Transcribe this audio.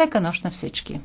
Лека нощ на всички!